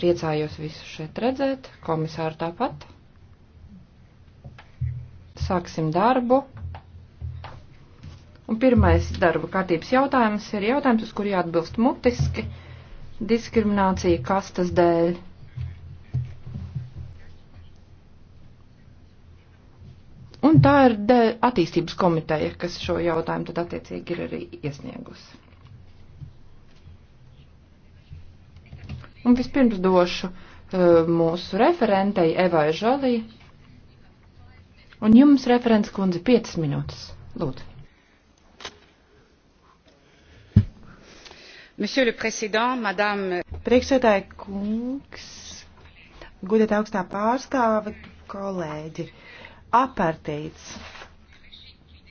Priecājos visu šeit redzēt, komisāru tāpat. Sāksim darbu. Un pirmais darba kārtības jautājums ir jautājums, uz kuru jāatbilst mutiski - diskriminācija kastas dēļ. Un tā ir attīstības komiteja, kas šo jautājumu tad attiecīgi ir arī iesniegusi. Un vispirms došu uh, mūsu referentei Evai Žalī. Un jums, referents kundze, 5 minūtes. Lūdzu. Monsieur le Président, Madame. Priekšsēdāja kungs, gudiet augstā pārstāve, kolēģi. Apartīts